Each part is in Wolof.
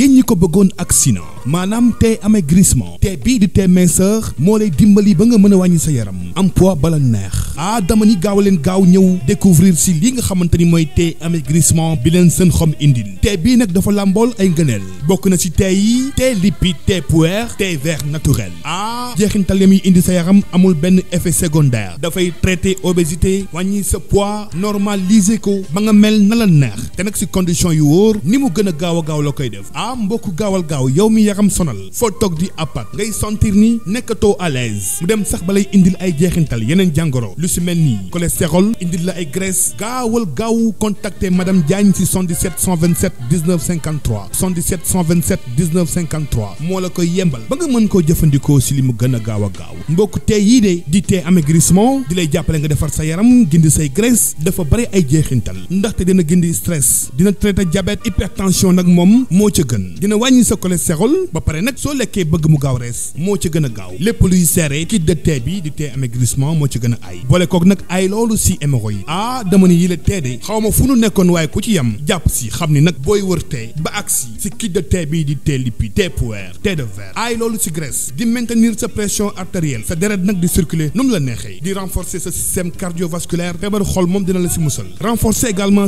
yéen ñi ko bëggoon ak sina maanaam thé amaigrissement thé bii di thé minceur moo lay dimbali ba nga mën a wàññi sa yaram am poids bala neex ah dama ni gaaw leen gaaw ñëw découvrir si li nga xamante ni mooy thé amaigrissement bi leen seen xom indi thé bii nag dafa làmbool ay ngëneel bokk na ci thé yi thé lipide thé puer thé vert naturel ah jeexintal ya indi sa yaram amul benn effet secondaire dafay traiter obésité wàññi sa poids normaliser ko ba nga mel na la neex te nag si condition yu wóor ni mu gën a gaaw a gaaw la koy def ah mbokku gaawal gaaw yow mi yaram sonal foo toog di àppat ngay sentir ni nekkatoo à l'aise mu dem sax ba lay indil ay jeexintal yeneen jàngoro lu si mel ni cholestérol indi la ay graisse gaawal gaawu contacter madame Diagne si 77 127 19 53 77 127 19 53 moo la koy yembal ba nga mën koo jëfandikoo si li mu gën a gaaw a gaaw mbokk tey yii de di tee amaigrissement di lay jàppale nga defar sa yaram gindi say graisse dafa bari ay jeexintal ndaxte dina gindi stress dina traiter diabète hypertension nag moom moo ca gën dina wàññi sa cholestérol mën ba pare nag soo lekkee bëgg mu gaaw rees moo ci gën a gaaw lépp luy seere kit de bi di thé amaigrissement moo ci gën a ay boole kook nag ay loolu si éméro yi ah dama ni yile thé de xaw ma fu nu nekkoon waaye ku ci yem jàpp si xam ni nag booy wër thé ba agsi si kit de bi di t lipi thé puer thé d verre ay loolu si graisse di maintenir sa pression artérielle sa deret nag di circuler nu mu la neexee di renforcer sa système cardiovasculaire feebar xol moom dina la si musal renforcer également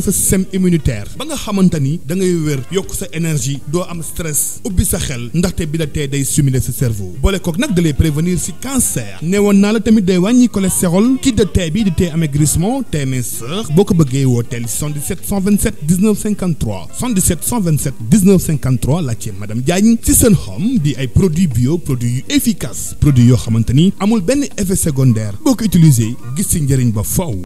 ni da ngay wér xel ndaxte bi la tee day stimuler sa cerveau boole kook nag da lay prévenir si cancer nee woon naa la tamit day wàññi cholestérol kii de tee bi di tee amaigrissement tee minceur boo ko bëggee wooteel 77 la ci madame Diagne si seen xom di ay produits bio produits yu efficace produits yoo xamante amul benn effet secondaire boo ko utiliser gis si njëriñ ba faw